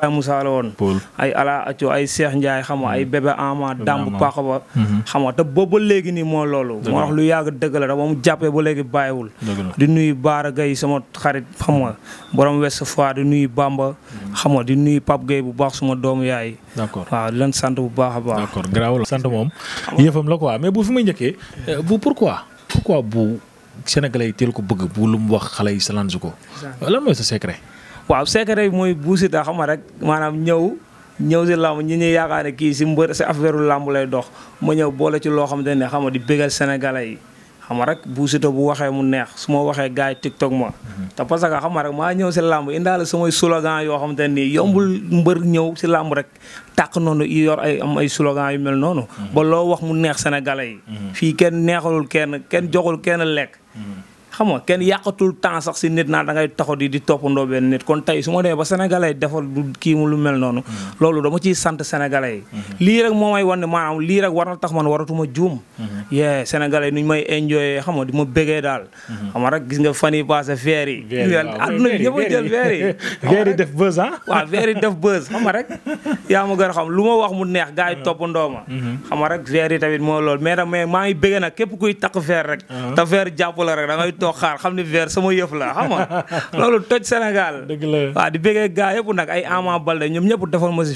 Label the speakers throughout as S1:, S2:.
S1: Baye Moussa woon ay Ala Aco ay xam nga ay mm-hmm. bébé ama damb paxa ba xam nga te booba léegi nii moo moo tax lu yàgg dëgg la da ba mu jàppee ba léegi bàyyiwul di nuyu Baara Gaye sama xarit xam nga borom West Foire di nuyu Bamba mm-hmm. xam nga
S2: di nuyu Pape Gaye bu baax suma doomu yaay d'accord waaw di leen sant bu baax a baax d'accord garaaw sant moom yëfam la quoi mais bu fi may njëkkee euh, bu pourquoi pourquoi bu Sénégalais teel ko bëgg bu lu mu wax xale yi salange ko lan mooy sa secret waaw secret bi mooy Bou Siteu xam
S1: nga rek maanaam ñëw ñëw si làmb ñi ñuy yaakaar ne kii si mbër si affaire làmb lay dox ma ñëw boole ci loo xamante ne xam nga di bégal sénégalais yi xam nga rek Bou bu waxee mu neex su ma waxee gars yi tiktok ma. Mhm. te parce que xam nga rek maa ñëw si làmb indaale samay slogan yoo xamante nii yombul mbër ñëw si làmb rek tàq noonu yor ay am ay slogan yu mel noonu. Mhm. ba loo wax mu neex sénégalais yi. Mhm. fii kenn neexalul kenn kenn joxul kenn lekk. xam nga kenn yàqatul temps sax si nit naa da ngay taxaw di di toppandoo benn nit kon tey su ma demee ba sénégalais defal du kii mu lu mel noonu. Mm-hmm. loolu dama ciy sant sénégalais yi. Mm-hmm. lii rek moo may wan ne lii rek war na tax man waratuma juum. Mm-hmm. yee sénégalais nuñ may enjoyé ma bëggee daal. xam nga rek gis nga fan yii passé veer yi. veer yi waaw adduna bi ñëpp a jël veer yi. veer yi def buzz ah. waaw veer yi def buzz a xam lu ma wax mu neex gars yi toppandoo ma. xam nga rek veer yi tamit moo loolu mais maa ngi bëggee nag képp kuy takk veer rek. te veer jàpp la rek da ngay toog xaar xam ne verre sama yëf la xam nga loolu toj Sénégal dëgg la waaw di bëggee gaa yëpp nag ay Ama Balde ñoom ñëpp defal ma si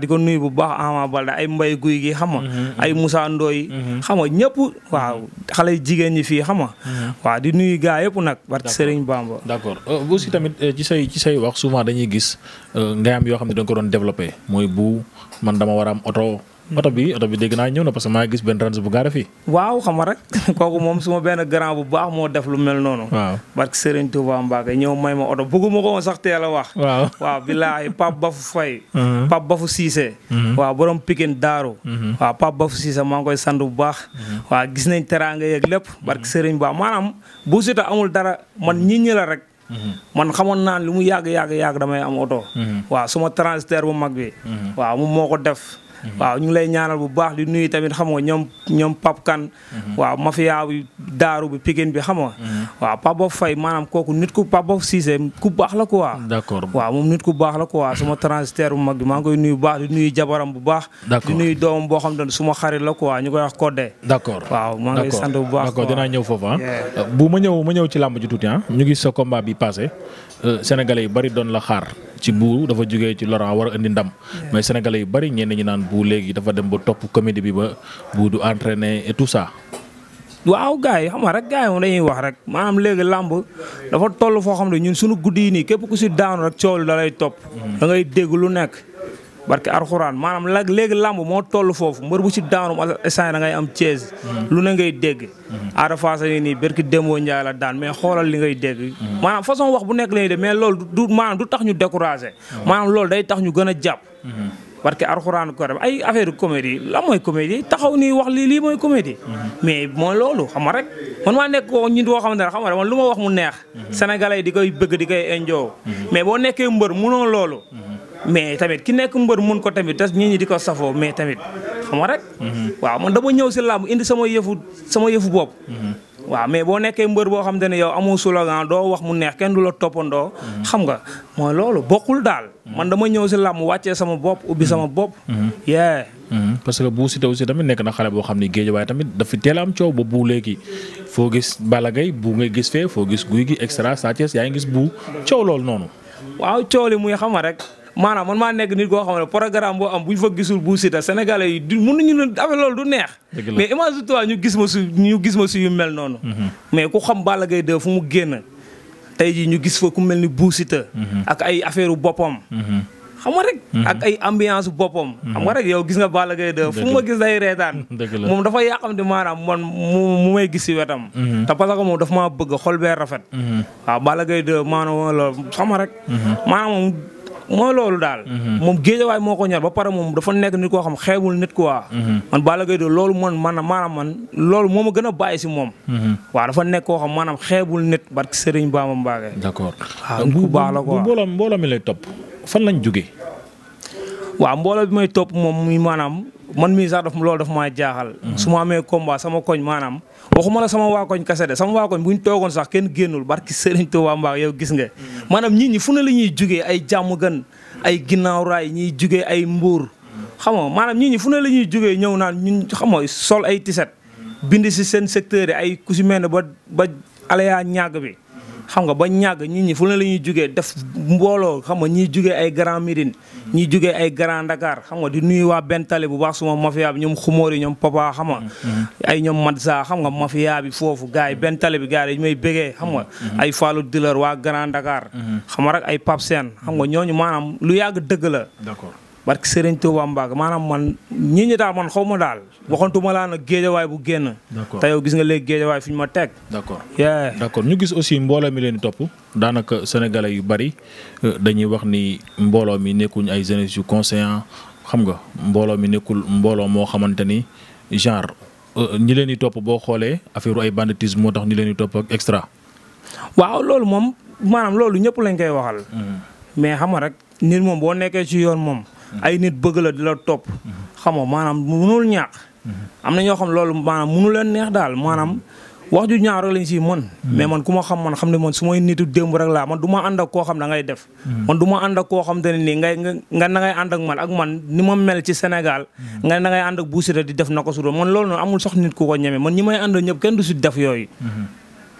S1: di ko nuyu bu baax Ama Balde ay mbay guy gi xam nga mm-hmm, mm-hmm. ay Moussa Ndoye mm-hmm. xam nga ñëpp waaw xale jigéen ñi fii xam
S3: nga
S1: di nuyu
S2: gaa yëpp nag barke Serigne Bamba d'accord euh, aussi tamit euh, ci say ci say wax souvent dañuy gis euh, nga am yoo xam ne da nga ko doon développé mooy bu man dama war a Mm. oto bi oto bi dégg naa ñëw na parce que maa gis benn range bu gaare fii. waaw xam nga rek kooku moom su ma benn grand bu baax moo def lu
S1: mel noonu. waaw barke Serigne Touba Mbacke ñëw may ko woon sax teel a wax. waaw waaw billaahi Pape Bafou Faye. Mm-hmm. Pape Bafou Cissé. Mm-hmm. waaw borom Pikine mm-hmm. ngi koy sant bu baax. waaw gis nañ teraanga yeeg lépp barke Serigne Ba maanaam amul dara man ñi ñi la rek. man xamoon naa lu mu yàgg yàgg yàgg damay am oto. waaw suma transitaire bu mag bi. waaw moom moo ko def. Mhm. waaw ñu ngi lay ñaanal bu baax di nuyu tamit xam nga ñoom ñoom Pape Kane mhm. waaw mafia bi daaru bi Pikine bi xam nga mhm. waaw Pape Bof Faye maanaam kooku nit ku Pape Bof Cissé ku baax la quoi d'accord waaw moom nit ku baax la ko quoi suma transitaire bu mag bi maa ngi koy nuyu baax di jabaram bu baax di nuyu doomam boo xam ne suma xarit la quoi ñu koy wax Codé d'accord waaw maa ngi sant bu baax d'accord dinaa ñëw foofu ah.
S2: bu ma ñëw ma ñëw ci làmb ji tuuti ah ñu ngi soo combat bi passé Euh, sénégalais yu bari doon la xaar ci buur dafa jógee ci Laurent war a indi ndam mais sénégalais yu bari ñenn ñi naan buur léegi dafa dem ba topp comédie bi ba bu du entraîner et tout ça. waaw gars yi xam nga rek gars yi moom dañuy wax rek
S1: maanaam léegi làmb dafa toll foo xam ne ñun sunu guddi yi nii képp ku si daanu rek coow da lay topp. Mm-hmm. da ngay dégg lu nekk. barke arxuraan maanaam lag léegi lamb moo toll foofu mbër bu ci daanum instant da ngay am chaise. Mm-hmm. lu ne ngay dégg. Mm-hmm. Ada Fass yi nii berki Demba daan mais xoolal li ngay dégg. Mm-hmm. maanaam façon wax bu nekk la ñuy mais loolu du maanaam du tax ñu découragé. maanaam loolu day tax ñu gën a jàpp. parce que arxuraan ko def ay affaire comédie la mooy comédie taxaw nii wax lii lii mooy comédie mais mooy loolu xam nga rek man maa nekk ko ñun xam xamante ne xam nga man lu ma wax mu neex sénégalais di koy bëgg di koy enjoy mais boo nekkee mbër mu munoo loolu mais tamit ki nekk mbër mun ko tamit te ñii ñi di ko safoo mais tamit xam nga rek. waaw man dama ñëw si làmb indi sama yëfu sama yëfu bopp. waaw mais boo nekkee mbër boo xam ne yow amoo slogan doo wax mu neex kenn du la toppandoo. xam nga mooy loolu bokkul daal.
S2: man dama ñëw si làmb wàccee sama bopp ubbi sama bopp. yee. parce que bu Siteu aussi tamit nekk na xale boo xam ne géej waaye tamit daf fi teel a am coow ba bu léegi foo gis Balla Gaye bu ngay gis fee foo gis guy gi extra Sa Thiès yaa ngi gis coow loolu noonu. waaw coow li muy xam rek.
S1: maanaam man maa nekk nit koo xam ne programme boo am bu ñu fa gisul bu Siteu sénégalais yi du mënuñu leen affaire loolu du neex. mais imagine toi ñu gis ma ñu gis ma si yu mel noonu. Mhm. mais ku xam Balla Gaye 2 fu mu génn tey jii ñu gis fa ku mel ni bu mhm. ak ay affaire boppam. Mhm. xam nga rek. ak ay ambiance boppam. xam nga rek yow gis nga baala gay 2 fu ma gis day reetaan. moom dafa yàqam di maanaam man mu may gis si wetam. te parce que moom dafa maa bëgg xol bee rafet. waaw Balla Gaye 2 maanaam loolu xam nga rek. mooy loolu daal. Mhm. moom géejawaay moo ko ñor ba pare moom dafa nekk nit koo xam xeebul nit quoi. Mhm. man Balla Gaye de loolu man man maanaam man loolu moo ma gën a bàyyi si moom. Mhm. waaw dafa nekk koo xam maanaam xeebul nit barki Serigne baa Mbacké. d'accord waaw ah, ku baax la quoi mbooloo mbooloo mi lay topp fan lañ jógee. waa mbooloo bi may topp moom muy maanaam man mii sax daf loolu daf maa jaaxal. su ma amee combat sama koñ maanaam. waxuma la sama waa koñ kase de sama waa koñ bu ñu toogoon sax kenn génnul barki Serigne Touba Mbacke yow gis nga. Mm. maanaam nit ñi fu ne lañuy jógee ay jàmm gan ay ginnaaw raay ñuy jugee ay mbuur xam nga maanaam ñii ñi fu ne la ñuy jugee ñëw naan ñun xam nga sol ay tiset bind si seen secteur yi ay ku si mel ba ba alaya ñàgg bi. xam nga ba ñàgg nit ñi fu ne la ñuy jugee def mbooloo xam nga ñiy jugee ay Grand Médine ñiy jugee ay Grand Dakar xam nga di nuyu waa benn tali bu baax suma mafi bi ñoom xumóori ñoom papa xam nga mm-hmm. ay ñoom Madsa xam nga mafia bi foofu gars yi benn tali bi gars yi may bégee xam nga mm-hmm. ay Fallou Dileur waa Grand Dakar mm-hmm. xam nga rek ay Pape Sène xam nga ñooñu maanaam lu yàgg dëgg la d'accord parce que Serigne Touba Mbacke maanaam man ñii ñi daal man xaw ma daal
S2: waxantuma laa nag géejawaay bu génn. d'accord te yow gis nga léegi géejawaay fi ñu ma teg. d'accord d'accord ñu gis aussi mbooloo mi leen daanaka sénégalais yu bari euh, dañuy wax ni mbooloo mi nekkuñ ay jeunesse yu conscient xam nga mbooloo mi nekkul mbooloo moo xamante ni genre euh, ñi leen di topp boo xoolee affaire ay banditisme moo tax ñi leen di topp ak extra. waaw loolu moom maanaam loolu ñëpp lañ koy waxal. Hmm. mais xam nga rek
S1: nit moom boo nekkee ci yoon moom. ay nit bëgg la di la topp. xam nga maanaam mënul ñaax am na ñoo xam loolu maanaam mënu leen neex daal maanaam. wax ju ñaaw rek lañ si mën mais man ku ma xam man xam ne man su may nitu démb rek laa man du ma ànd ak koo xam da ngay def man du ànd ak koo xam te ne nii ngay nga na ngay ànd ak man ak man ni ma mel ci Sénégal nga na ngay ànd ak Bou Siteu di def na ko su doon man loolu noonu amul sax nit ku ko ñeme man ñi may ànd ñëpp kenn du si def yooyu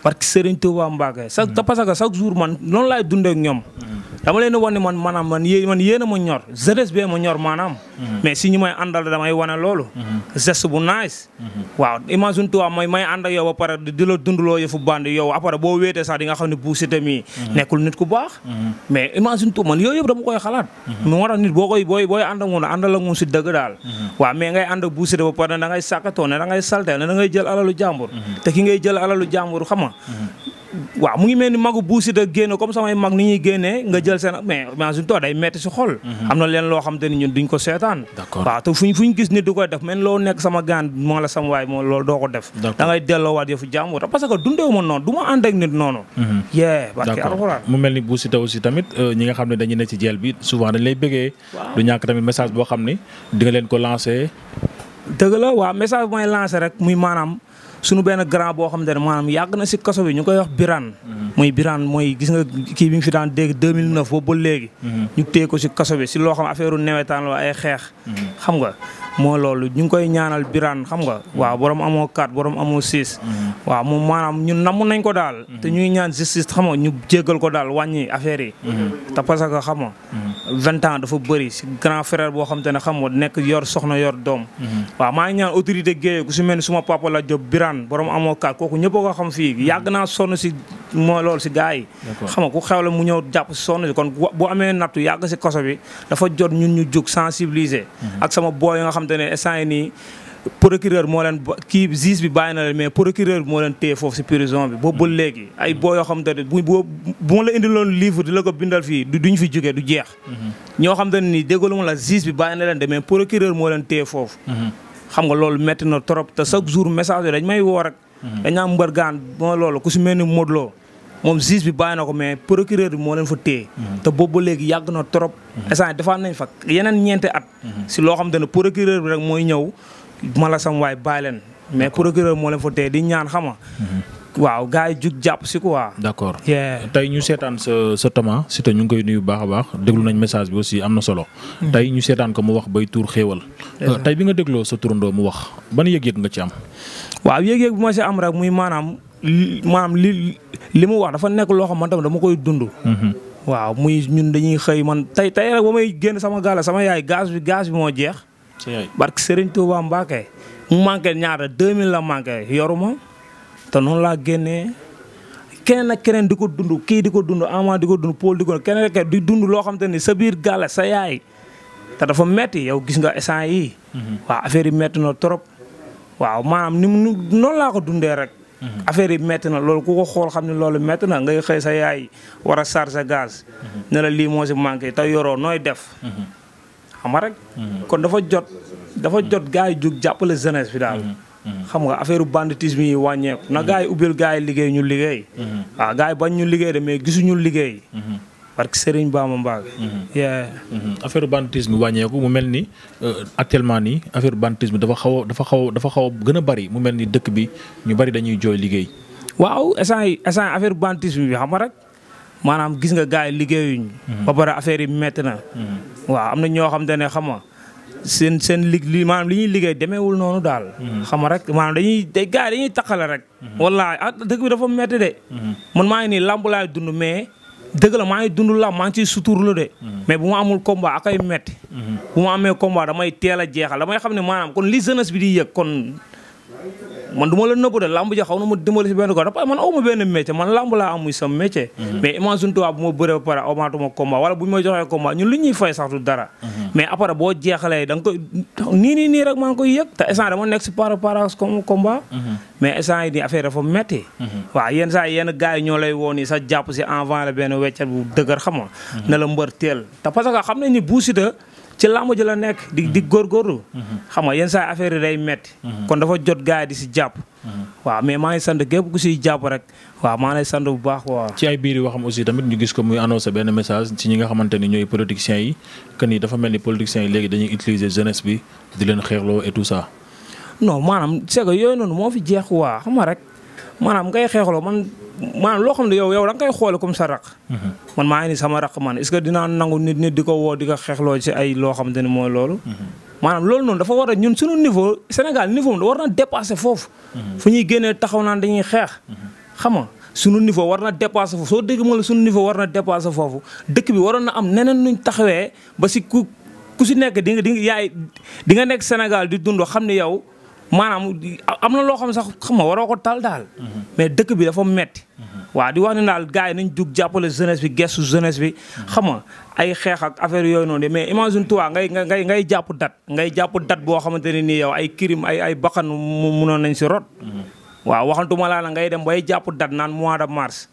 S1: parce que Serigne Touba Mbacke chaque parce mm. que chaque jour man noonu laay dundee ak dama leen di man maanaam man yéen a ma ñor jeunesse bee ma ñor maanaam. Mm-hmm. mais si ñu may àndal damay wane loolu. Mm-hmm. geste bu nice. Mm-hmm. waaw imagine toi may may ànd ak yow di la dundaloo yëfu band yow après boo wéetee sax di xam ne bu Siteu nekkul nit ku baax. mais imagine toi man yooyu yëpp dama koy a ba pare ne da ngay sàkkatoo ne da ngay ne da jël alalu jàmbur. te
S3: Mm-hmm.
S1: waaw mu ngi mel ni magu buusi da génne comme samay mag ni ñuy génnee nga jël seen ak nit
S2: noonu mm-hmm. yee barke alxuraan mu euh,
S1: rek muy maanaam su suñu benn grand boo xam ne maanaam yàgg na si kaso bi ñu koy wax Birane. muy Birane mooy gis nga kii bi ñu fi daan dégg 2009 boobu ba léegi. ñu téye ko si kaso bi si loo xam affaire newetaan la ay xeex. xam nga moo loolu ñu ngi koy ñaanal Birane xam nga. waaw borom amoo 4 borom amoo 6. waaw moom maanaam ñun namm nañ ko daal. te ñuy ñaan justice xam nga ñu jéggal ko daal wàññi affaire yi. te parce vingt ans dafa bëri si grand frère boo xam te ne xam nga nekk yor soxna yor doom. Mhm. waaw maa ngi ñaan autorité Guèye ku si mel ni suma papa la Diop Birane borom amoo kaat kooku ñëpp a ko xam fii mhm. yàgg naa sonn si moo loolu si gars yi. ku xew la mu ñëw jàpp sonn si kon bu amee nattu yàgg si kaso bi dafa jot ñun ñu jug sensibiliser. Mhm. ak sama boy nga xam te ne instant nii procureur moo leen kii juge bi bàyyi na leen mais procureur moo leen téye foofu si prison bi boobu léegi ay boo yoo xam te ne bu ma la indiloon livre di la ko bindal fii du duñ fi jógee du jeex mhm. ñoo xam te ne nii la juge bi bàyyi leen de mais procureur moo leen téye foofu mhm. xam nga loolu metti trop te chaque jour message yi may woo rek mhm. dañ mbër gaan moo loolu ku si mel ni Modou Lo moom juge bi bàyyi ko mais procureur bi moo leen fa téye te boobu léegi yàgg na trop instant defaat nañ fa yeneen ma la sam waay bàyyi leen mais procureur moo leen fa tee di ñaan xama mhm. waaw gars yi jug jàpp si
S2: quoi. d' accord tey ñu seetaan sa sa Tama si te ñu ngi koy nuyu bu baax a baax déglu nañ message bi aussi am na solo. Mhm. tey ñu seetaan ko mu wax bay tuur xéewal. Euh, tey bi nga dégloo sa turandoo mu wax ban yëg-yëg nga ci am. waaw yëg-yëg bu ma si am rek muy maanaam maanaam li
S1: li mu wax dafa nekk loo xam man tamit dama koy dund. Mhm. waaw muy ñun dañuy xëy man tey tey rek ba may génn sama gaal sama yaay gaz barke Serigne Touba Mbacke mu manqué ñaata 2000 la manqué yoruma te noonu laa génne keneen ak keneen di ko dund kii di ko dund Ama di ko dund Paul di ko keneen di dund loo xam te ni sa biir gàll sa yaay te dafa metti yow gis nga essence yi mhm. waaw affaire yi metti na trop waaw maanaam ni mu noonu laa ko dundee rek. Mhm. affaire yi métti na loolu ku ko xool xam ne loolu metti na ngay xëy sa yaay war a charger gaz. Mhm. ne la lii moo si manqué te yoroo nooy def. xam nga rek. Mm-hmm. kon dafa jot dafa jot mm-hmm. gars yi jug jàppale jeunesse bi daal. Mm-hmm. xam nga affaire banditisme yi wàññeeku. na gars yi ubbil gars yi liggéey ñu liggéey. waaw gars yi mais gisuñu liggéey. parce que Serigne Bamba Mbacké.
S2: affaire banditisme wàññeeku mu mel ni euh, actuellement nii affaire banditisme dafa xaw dafa xaw dafa xaw a gën a bari mu mel ni dëkk bi ñu bari dañuy jooy liggéey. waaw instant yi instant
S1: affaire banditisme bi xam nga rek maanaam gis nga gars yi liggéeyuñ. ba pare affaire yi métti na. waa am na ñoo xam te ne xam nga seen seen lig li maanaam li ñuy liggéey demeewul noonu daal. Mhm. xam nga rek maanaam dañuy day gars yi dañuy taqale rek. Mhm. wallaahi ah dëgg bi dafa métti de. Mhm. man maa ngi nii làmb laay dund la maa ngi dund làmb maa ngi suturlu de. mais bu ma amul combat akay métti. bu ma amee combat damay teel a jeexal damay xam ne maanaam kon li jeunesse bi di yëg kon. man du ma la nëbbu de lamb ja xaw na ma dimbali si benn ko dafa man aw benn métier man lamb laa am muy sam métier. Mhm. mais imagine toi bu ma bëree ba pare amaatuma combat wala bu ñu may mhm. da nga koy nii nii nii rek maa mhm. yi nii affaire dafa métti. waaw yenn saa yenn gars ñoo lay woo nii jàpp si avant la benn weccat bu dëgër xam nga. ne la mbër teel te parce xam nañ ni Bou ci làmb ji la nekk. di di mm-hmm. góorgóorlu. Mm-hmm. xam nga yenn saa affaire yi day metti mm-hmm.
S2: kon dafa jot gars yi di si jàpp. waaw mais maa ngi sant képp ku siy jàpp rek waaw maa ngi lay bu baax waaw. ci ay biir yoo xam aussi tamit ñu gis ko muy annoncé benn message ci ñi nga xamante ni ñooy politiciens yi que ni dafa mel ni politiciens yi léegi dañuy utiliser jeunesse bi di leen xeexloo et tout ça.
S1: non maanaam c'est que yooyu noonu moo fi jeex waa xam nga rek maanaam ngay xeexloo man. maanaam loo xam ne yow yow da nga koy xoole comme sa raq mhm. man maa ngi ni sama raq man est-ce que dinaa nangu nit nit di ko woo di ko xeexloo ci ay loo xam te ne mooy loolu mhm. maanaam loolu noonu dafa war a ñun suñu niveau Sénégal niveau war na dépasser foofu mhm. fu ñuy génnee taxaw naan dañuy xeex xam nga suñu niveau war na dépasser foofu soo dégg ma la suñu niveau war na dépasser foofu dëkk bi waroon na am neneen nuñ taxawee ba si ku ku si nekk di nga di yaay di nga nekk Sénégal di dundoo xam ne yow maanaam am na loo xam sax xam nga waroo ko tal daal. mais dëkk bi dafa metti waaw di wax ne daal gars yi nañ jug jàppale jeunesse bi gestu jeunesse bi. xam nga ay xeex ak affaire yooyu noonu mais imagine toi ngay ngay ngay jàpp dat ngay jàpp dat boo xamante ne nii yow ay crime ay ay bakkan mu munoon nañ si rot. waaw waxantuma laa ngay dem bay jàpp dat naan mois de mars.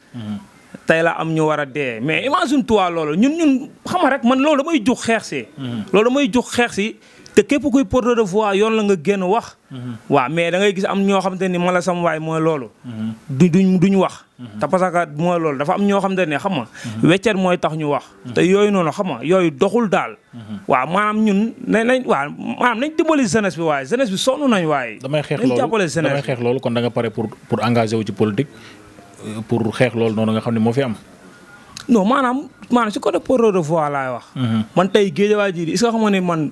S1: tey la am ñu war a dee mais imagine toi loolu ñun ñun xam nga rek man loolu damay jug xeex si. Hmm. loolu damay jug xeex si. te képp kuy porte de voix yoon la nga génn wax. Mhm. waaw mais da ngay gis am ñoo xamante ni mala sam waay mooy loolu. Mhm. duñ wax. Mhm. te parce mooy loolu dafa am ñoo xamante ne xam nga. weccet mooy tax ñu wax. te yooyu noonu xam nga yooyu doxul daal. waaw maanaam ñun nañ nañ waaw maanaam nañ dimbali jeunesse bi waaye jeunesse bi sonn nañ waaye.
S2: damay xeex loolu damay xeex loolu kon da nga pare euh, moo fi am.
S1: non maanaam maanaam si côté porte de voix laay wax. man tey géejawaay ji est-ce que man.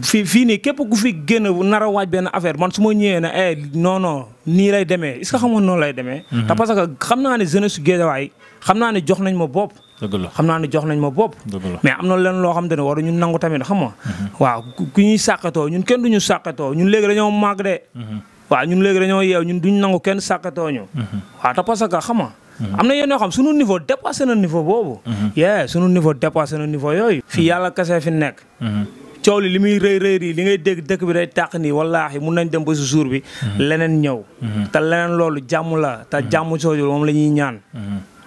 S1: fii fii nii képp ku fi génn nar a waaj benn affaire man su ma ñëwee ne eh non non nii lay demee est ce que xam nga noonu lay demee. Mhm. te parce que xam naa ne jeunesse su Guédiawaye xam naa ne jox nañ ma bopp. dëgg la xam naa ne jox nañ ma bopp. mais am na leen loo xam te ne waru ñun nangu tamit xam nga. Mhm. waaw ku ñuy sàqatoo ñun kenn duñu sàqatoo ñun léegi dañoo màgg de. Mhm. waaw ñun léegi dañoo yeew ñun duñ nangu kenn sàqatoo ñu. waaw te parce que xam am na yéen yoo xam sunu niveau dépassé na niveau boobu. yee sunu niveau dépassé na niveau yooyu. fii yàlla kese fi nekk. coow li li muy rëy rëy yi li ngay dégg dëkk bi day tàq nii wallaahi mun nañ dem ba si jour bi mhm. leneen ñëw mhm. te leneen loolu jàmm la te mhm. jàmm sooju moom la ñuy ñaan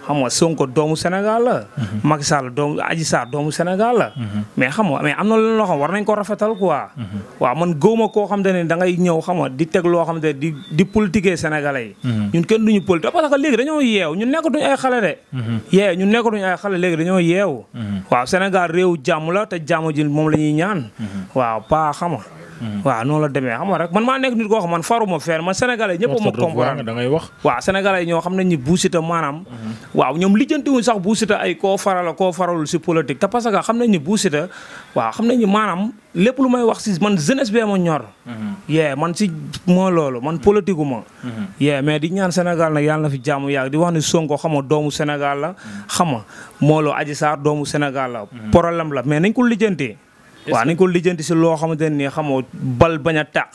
S1: xam nga Sonko doomu Sénégal la. Mhm. Macky Sall doomu Adji Sarr doomu Sénégal la. Mhm. mais xam nga mais am na loo xam war nañ ko rafetal quoi. Mhm. waaw man gëw ma koo xam te ne da ngay ñëw xam nga di teg loo xam te di di politiquer sénégalais yi. ñun kenn duñu politique parce a léegi dañoo yeew ñun nekkatuñ ay xale de. yeew ñun nekkatuñ ay xale léegi dañoo yeew. waaw Sénégal réew jàmm la te jàmm ji moom la ñaan. waaw pa xam Mhm. waaw noonu la demee xam nga rek man maa nekk nit koo xam man faruma fenn man sénégalais ñëpp ma comprendre da ngay wax waaw sénégalais yi ñoo xam nañ ni Bou Siteu maanaam mhm. waaw ñoom lijjantiwuñ sax Bou ay koo farala koo faralul si politique te parce que xam ne ni Bou Siteu waaw xam nañ ni maanaam lépp lu may wax si man jeunesse bee ma ñor mhm. yee man si moo loolu man politique ma yee mais di ñaan Sénégal nag yaa na fi jàmm yàgg di wax ni Sonko xama doomu Sénégal la xama moo loo Adji Sarr doomu Sénégal la la mais nañ ko lijjantee waaw nañ ko lijjanti si loo xamante ne nii xamoo bal bañ a tàq.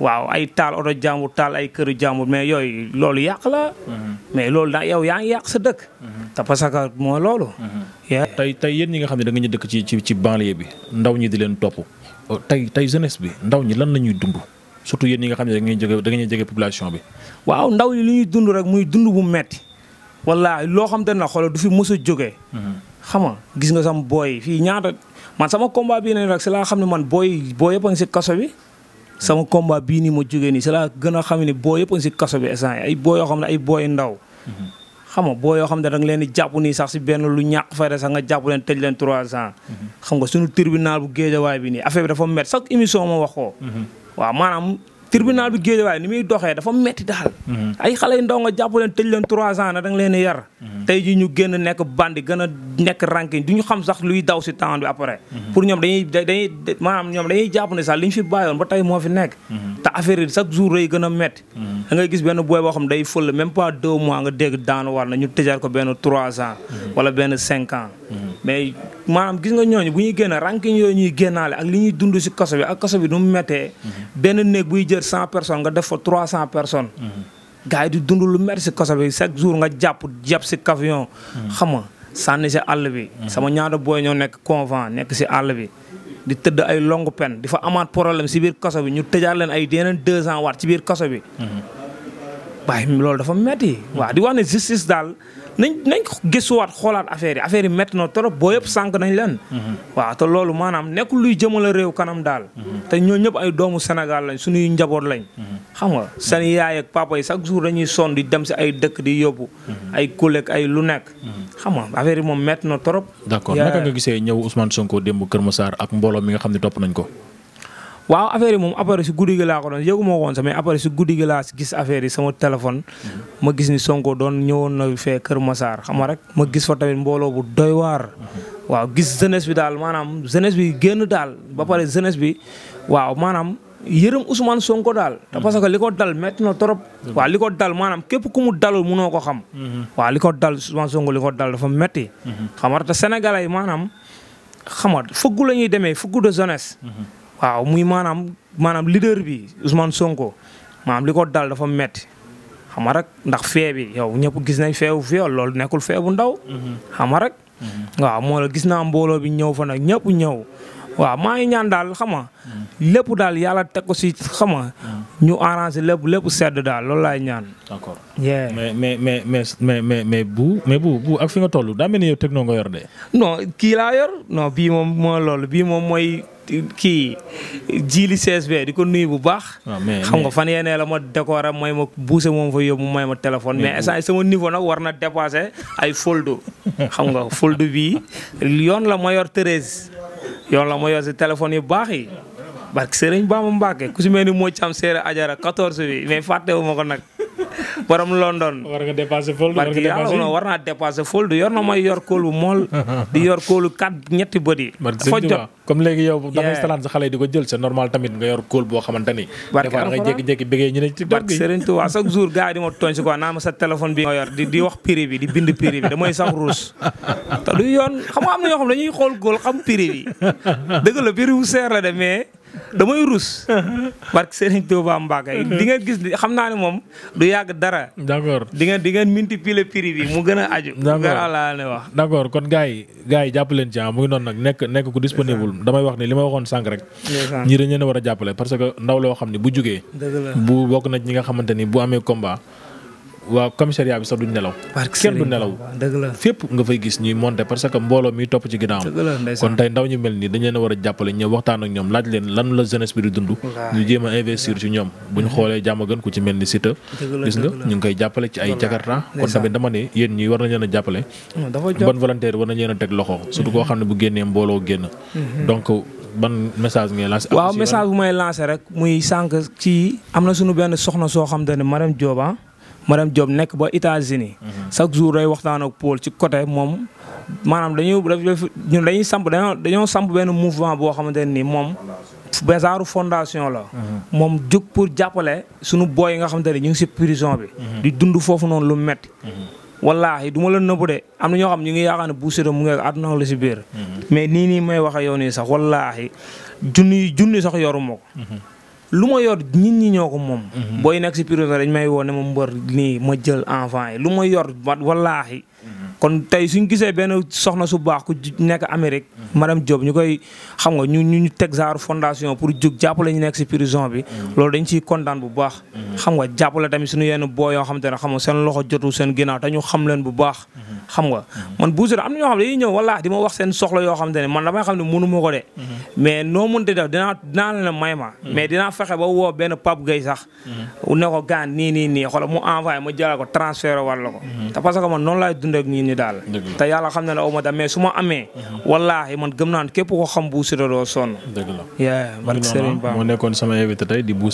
S1: waaw ay taal oto jàmbur taal ay këru jàmbur mais yooyu loolu yàq la. Mm-hmm. mais loolu nag yow yaa ngi yàq sa dëkk. Mm-hmm.
S2: te parce que mooy loolu.
S1: Mm-hmm.
S2: tey tey yéen ñi nga xam ne da nga ñu dëkk ci ci ci banlieue bi ndaw ñi di leen topp tey tey jeunesse bi ndaw ñi lan la ñuy dund surtout yéen ñi nga xam ne da ngeen jóge da ngeen jóge population bi. waaw ndaw ñi li ñuy dund rek muy dund bu metti
S1: wallaahi loo xam te ne xoolal du fi mës a jógee. xam nga gis nga sam booy fii ñaata. man sama combat bii nii nag si laa xam ne man booy boo yëpp a si kaso bi sama combat bii nii ma jógee nii si laa gën a xam ne boo yëpp a si kaso bi instant ay boo yoo xam ne ay booy ndaw xam nga boo yoo xam ne da leen di jàpp nii sax si benn lu ñàkk fayda sax nga jàpp leen tëj leen trois ans xam nga suñu tribunal bu géejawaay bi nii affaire bi dafa met chaque émission ma wax ko mhm. waaw maanaam tribunal bi ni muy doxee dafa mhm. trois ans na da nga leen yar. Mhm. tey ji ñu génn nekk bandi gën a nekk ranking ñu xam sax luy daw si temps bi après. Mhm. pour ñoom dañuy dañuy maanaam ñoom dañuy jàpp ne li ba tey moo fi nekk. te affaire yi chaque jour day a metti. da ngay gis benn booy boo xam day fël même pas deux mois nga dégg daanu war na ñu tëjaat ko benn trois ans. cinq ans. maanaam gis nga ñooñu bu ñuy génn ranking yooyu ñuy génnaale ak li ñuy dund si kaso bi ak kaso bi nu mu benn néeg buy jël cent personnes nga def fa trois cent personnes. gars di dund lu mer si kaso bi chaque jour nga jàpp jàpp si camion. xam nga sànni si àll bi. sama ñaata booy ñoo nekk convent nekk si àll bi. di tëdd ay longue pen di fa amaat problème si biir kaso bi ñu tëjaat leen ay yeneen deux ans waat ci biir kaso bi. Mhm. waaye loolu dafa metti waa di wax justice daal. nañ nañ gëstuwaat xoolaat affaire yi affaire yi métti na trop boo yëpp sànq nañ leen.
S3: Mm-hmm.
S1: waaw te loolu maanaam nekkul luy jëmale réew kanam daal. Mm-hmm. te ñoo ñëpp ay doomu Sénégal lañ suñuy njaboot lañ. Mm-hmm. xam nga seen yaay ak papa yi chaque jour dañuy sonn di dem si ay dëkk di yóbbu. ay collègue ay lu nekk. xam nga affaire yi moom métti na trop.
S2: d'accord naka nga gisee ñëw Ousmane Sonko démb Kër Massar ak mbooloo mi nga xam ne topp nañ ko.
S1: waaw affaire yi moom après si guddi gi laa ko doon ma ko woon sax mais après si guddi gi laa gis affaire sama téléphone. Mhm. ma gis ni Sonko doon ñëwoon na fee Kër Massar xam rek ma gis fa tamit mbooloo bu doy waar. Mhm. waaw gis jeunesse bi daal maanaam jeunesse bi génn daal ba pare jeunesse bi waaw maanaam. yërëm Ousmane Sonko daal. te parce que li ko dal métti na trop. Mhm. waaw li ko dal maanaam képp ku mu dalul munoo ko xam. waaw li ko dal Ousmane Sonko li ko dal dafa métti. xam nga te Sénégalais yi maanaam xam nga fukk la ñuy demee fukk de jeunesse. waaw muy maanaam maanaam leader bi Ousmane Sonko maanaam li ko dal dafa metti xam nga rek ndax fee bi yow ñëpp gis nañ feebu viol loolu nekkul fee bu ndaw. xam nga rek. waaw moo la gis naa mbooloo bi ñëw fa nag ñëpp ñëw. waaw maa ngi ñaan daal xama nga lépp daal yàlla teg ko si ñu arrangé lépp lépp sedd daal lool laay ñaan. d'accord
S2: mais mais mais mais mais mais bu mais bu bu ak finga nga toll daa mel ni yow techno de. non
S1: kii laa bii moom mooy. kii jiili CSB di ko nuyu bu baax. Ah, xam nga fan yéenee la ma décoré may ma buuse moom fa yóbbu may ma téléphone. mais instant sama niveau nag war na dépassé ay foldu xam nga foldu bii yoon la ma yor treize yoon la ma si téléphone yu baax yi. barke Serigne Bamba Mbacke ku si mel ni moo ci ajara 14 bi mais fàttewuma ko nag. borom London.
S2: war nga dépassé
S1: fool du war nga yor na mooy yor kóolu mool. di yor kóolu kat ñetti bët yi. dafa jot
S2: comme léegi yow da ngay sa xale yi di ko jël c'est normal tamit nga yor kóol boo xamante ni.
S1: sa téléphone bi nga yor di wax prix bi di bind prix bi damay sax ruus te du yoon xam nga am na ñoo xool góol xam prix bi dëgg la prix bu seer la de mais damay ruus. barke Serigne Touba Mbacké di nga gis ni xam naa ne moom du yàgg dara. d' accord di nga di nga multiplier prix bi mu gën a
S2: aju. d' accord laa wax. d' accord kon gars yi gars yi jàpp leen ci ah mu ngi noonu nag nekk nekk ku disponible damay wax ni li ma waxoon sànq rek. ñii dañ leen war a jàppale parce que ndaw loo xam ne bu jugee. bu bokk nañ ñi nga xamante ni bu amee combat. waa commissariat bi sax duñ nelaw. kenn du nelaw fépp nga fay gis ñuy monter parce que mbooloo mi topp ci ginnaawam. kon tey ndaw ñu mel nii dañ leen a war a jàppale ñëw waxtaan ñoom laaj leen lan la jeunesse bi dund. ñu jéem a ci ñoom. bu ñu xoolee jàmm gën ku ci mel ni Siteu. gis nga ñu ngi koy jàppale ci ay jakarta kon tamit dama ne yéen ñi war nañ leen jàppale. ban volontaire war nañ leen a teg loxo. surtout koo xam ne bu génnee mbooloo génn.
S1: Mhm. madame Diop nekk ba États-Unis mhm. chaque jour day waxtaan ak Paul ci côté moom maanaam dañuy ñun dañuy samp dañoo dañoo samp benn mouvement boo xamante ne ni moom besaaru fondation la mhm. moom jóg pour jàppale sunu booy yi nga xamante ne ñu ngi si prison bi mhm. di dund foofu noonu lu metti wallaahi du ma la nëbbu de am na ñoo xam ñu ngi yaakaar ne Bou Siteu mu ngi àdduna la si biir mais nii nii may wax ak yow nii sax wallaahi junni junni sax yoruma ko lu ma yor nit ñi ñoo ko moom. Mhm. booy nekk si prison may woo ne ma mbër nii ma jël enfant yi lu ma yor wallaahi. Mhm. kon tey suñ gisee benn soxna su baax ku nekk Amérique mm. madame Diop ñu koy xam nga ñu ñu teg genre fondation pour jug jàppale ñu nekk si prison bi mm. lool dañ ciy kontaan bu baax mm. xam nga jàppale tamit suñu yenn boo yoo xam te ne xam nga seen loxo jotu seen ginnaaw te ñu xam leen bu baax mm-hmm. xam nga mm-hmm. man buusur am na ñoo xam ne dañuy ñëw wallaahi di ma wax seen soxla yoo xam te ne man damay xam ne mënu ma ko de mm-hmm. mais noo mënte def dinaa dinaa leen may ma mais dinaa fexe ba woo benn Pape gay sax ne ko gaan nii nii nii xoolal mu envoyé ma jëlal ko transféré wàll ñi daal te yàlla xam na ne aw ma dam mais su ma amee mhm. wallaahi man gëm naan képp ko xam Bou Siteu doo sonn dëgg la yaa barke Serigne Ba moo
S2: nekkoon sama invité tey di Bou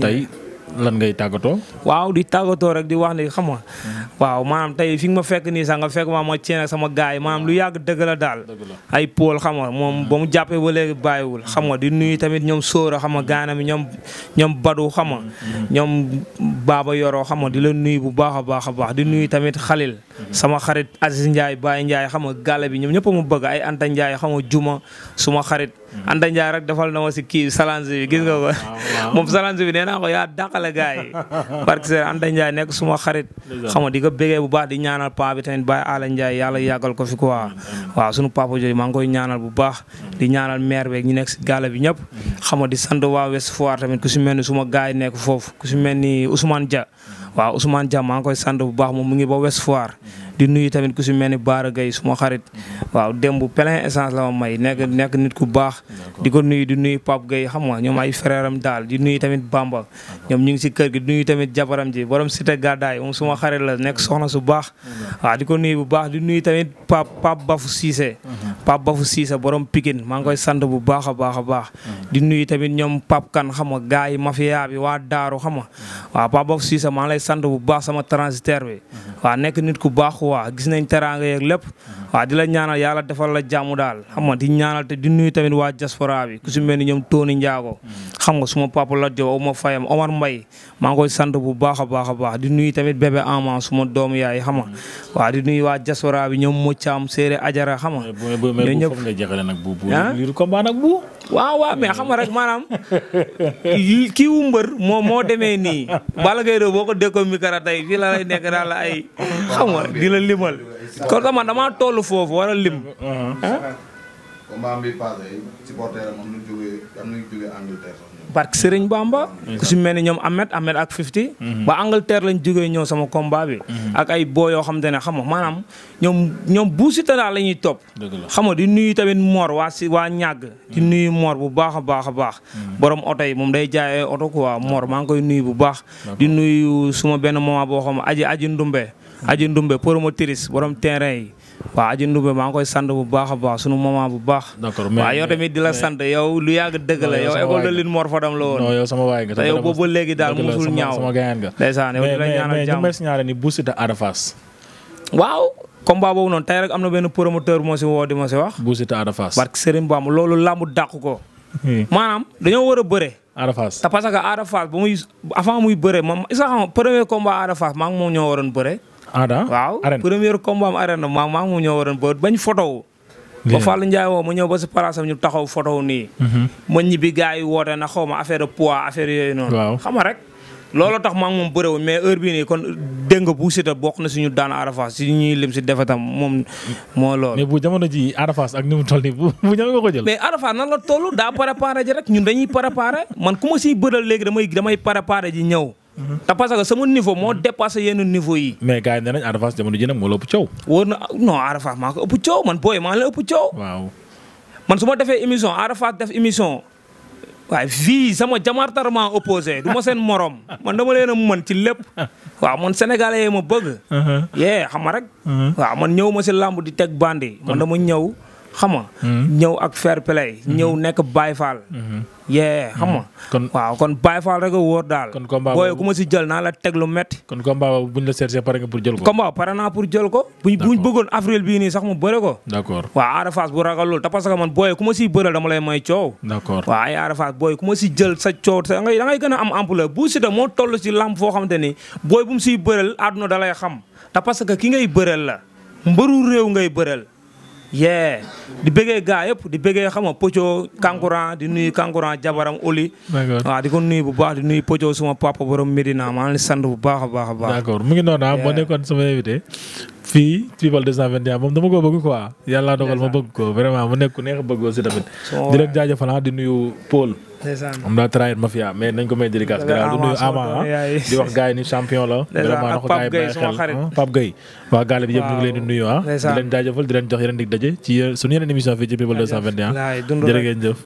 S2: tey lan ngay tàggatoo.
S1: waaw di tàggatoo rek di wax ni xam nga. waaw maanaam tey fi nga ma fekk nii sax nga fekk ma ma ceen sama gars yi maanaam lu yàgg dëgg la daal. ay pool xam nga moom ba mu jàppee ba léegi bàyyiwul xam nga di nuyu tamit ñoom Sora xam nga gaana mi ñoom ñoom Badou xam nga. ñoom baaba Yoro xama di la nuyu bu baax a baax a baax di nuyu tamit Khalil. sama xarit Aziz Ndiaye Baye Ndiaye xam nga gàlle bi ñoom ñëpp mu bëgg ay Anta Ndiaye xam nga Juma suma xarit. Mm-hmm. Anta Ndiaye rek defal na ma si kii salange bi gis nga ko moom salange bi nee naa ko yaa dàqale gars yi parce Anta Ndiaye nekk suma xarit xam nga di ko bégee bu baax di ñaanal paa bi tamit Baye Ala Ndiaye yàlla yàggal ko fi quoi waaw sunu papa jooju maa ngi koy ñaanal bu baax di ñaanal maire beeg ñu nekk si gaala bi ñëpp xam nga di sant waa West Foire tamit ku si mel ni suma gars yi nekk foofu ku si mel ni Ousmane Dia waaw Ousmane Dia maa ngi koy sant bu baax moom mu ngi ba West Foire di nuyu tamit ku si mel ni Baara Gueye suma xarit waaw démb plein essence la ma may nekk nit ku baax. di ko nuyu di nuyu Pape xam nga ñoom ay frère am daal di nuyu tamit Bamba. ñoom ñu ngi si kër gi di nuyu tamit jabaram ji borom Cité Gadaay moom suma xarit la nekk soxna su baax. waaw di ko nuyu bu baax di nuyu tamit Pape Pape Bafou Cissé. Uh-huh. Pape Bafou Cissé borom Pikine maa ngi koy sant bu baax a baax a baax. Uh-huh. di nuyu tamit ñoom Pape Kane xam nga gars yi mafia bi waa Daaru xam nga uh-huh. waaw Pape Bafou Cissé maa lay sant bu baax sama transitaire bi. waaw nekk nit ku baax waa gis nañ teraanga yeeg lépp waaw di la ñaanal yàlla la jàmm daal xam nga di ñaanal te di nuyu tamit waa diaspora bi ku si mel ni ñoom Tony Ndiago xam nga suma papa la jow ma fayam Omar Mbaye maa ngi koy sant bu baax a baax a baax di nuyu tamit bébé Ama suma doomu yaay xam nga waaw di nuyu waa diaspora bi ñoom Moccaam Séeré Ajara xam nga ñoom ñëpp waaw waaw mais xam nga rek maanaam kii wu mbër moo moo demee nii Balla Gaye doo boo ko dékkoo mi kara tey fii la lay nekk daal ay xam di la limal kon sama damaa toll foofu war a lim.
S2: combat bi passé supporter que
S1: Serigne Bamba. Mm-hmm. ku si mel ni ñoom Ahmed Ahmed ak Fifty. Mm-hmm. ba Angleterre lañ jógee ñëw sama combat bi. Mm-hmm. ak ay boo yoo xam te ne xam nga maanaam ñoom ñoom buusi talaa la ñuy topp. xam di nuyu tamit Mor waa si waa ñàgg di nuyu Mor bu baax a baax a baax. borom oto yi moom day jaayee oto quoi Mor maa ngi koy nuyu bu baax. di nuyu suma benn moment boo xam aj aji Ndumbe. aji ndumbe promotrice borom terrain yi waaw aji ndumbe maa ngi koy sant bu baax a baax sunu maman bu baax waaw yow tamit di la sant yow lu yàgg dëgg la yow école de lin mor sama
S2: waay nga te yow boobu ba
S1: léegi daal musul ñaaw ndeysaan yow di am na benn promoteur moo si di ma wax Boussita Ada Fass barke Serigne Bamba loolu làmb dàq ko maanaam dañoo war a bëre Ada Fass te parce que Ada Fass ba muy avant muy bëre moom isa xam premier combat Ada maa ngi moom ñoo waroon bëre aada waaw premier combat am arène maa maa mu ñoo waroon ba bañ photo ba Fallou Ndiaye woo ma ñëw ba si place am ñu taxaw photo nii mhm. ma ñibbi gars yi woote na xaw ma affaire poids affaire yooyu noonu xam nga rek loolu tax maa ngi moom bëréwul mais heure bii nii kon dégg nga bu Siteu bokk na suñu daan Arafas si ñuy
S2: jamono ji Arafas ak ni mu toll nii bu bu nga ko jël. mais
S1: Arafas nan la toll daa préparé ji rek ñun dañuy préparé man ku ma siy léegi damay damay préparé ji ñëw. te parce que sama niveau moo mm-hmm. dépassé yenn niveau yi.
S2: mais gars yi nee nañ Ada Fass jamono ji nag moo la
S1: ëpp coow. non Ada Fass maa ko man booy maa la ëpp man su ma defee émission Ada def émission. waaye fii sama jamartarement opposé du ma seen morom man dama leen a man ci lépp waaw man sénégal yi ma bëgg. Uh-huh. yee xam uh-huh. waaw man ñëw ma si làmb di teg bandi man dama ñëw. xam nga. Hmm. ñëw ak fair play. Hmm. ñëw nekk Baye Fall. Hmm. yee xam nga. kon waaw kon Baye Fall rek a wóor daal. kon combat booy ku ma si jël naa la teg lu kon combat boobu bu ñu la cherché pare nga pour jël ko. combat pare pour jël ko. buñ buñ bëggoon avril bii nii sax mu ko. d' accord waaw Ada Fass bu ragalul te parce que man booy ku ma siy bëral dama lay may coow. d' si jël sa coow da a am ampleur bu moo toll si lamb foo xamante ni booy bu mu siy bëral àdduna da lay xam te parce que ki ngay bëral la mbëru réew ngay bëral yee di bëggee gaa yëpp di bëggee xam nga Pocho Kankuran di nuy Kankuran jabaram Oli. waaw di ko nuy bu baax di nuyu Pocho suma papa borom Medina maa ngi sant bu baax a baax a baax. d'accord mu
S2: ngi noonu ah moo nekkoon sama invité. fii People 221 moom dama ko bëgg quoi. yàlla dogal ma bëgg ko vraiment mu nekk ku neex a bëgg aussi tamit. di leen jaajëfal ah, di nuyu Paul. am la trahir mafia ah, mais nañ ko may dédicace garaaw du nuyu ah, di wax gars ni champion la vraiment na ko gars yi xel Pape Gueye waa gaale bi yëpp ñu leen di nuyu ah di leen jaajëfal di leen jox daje ci euh, suñu yeneen émission fii ci People 221 jërë ngeen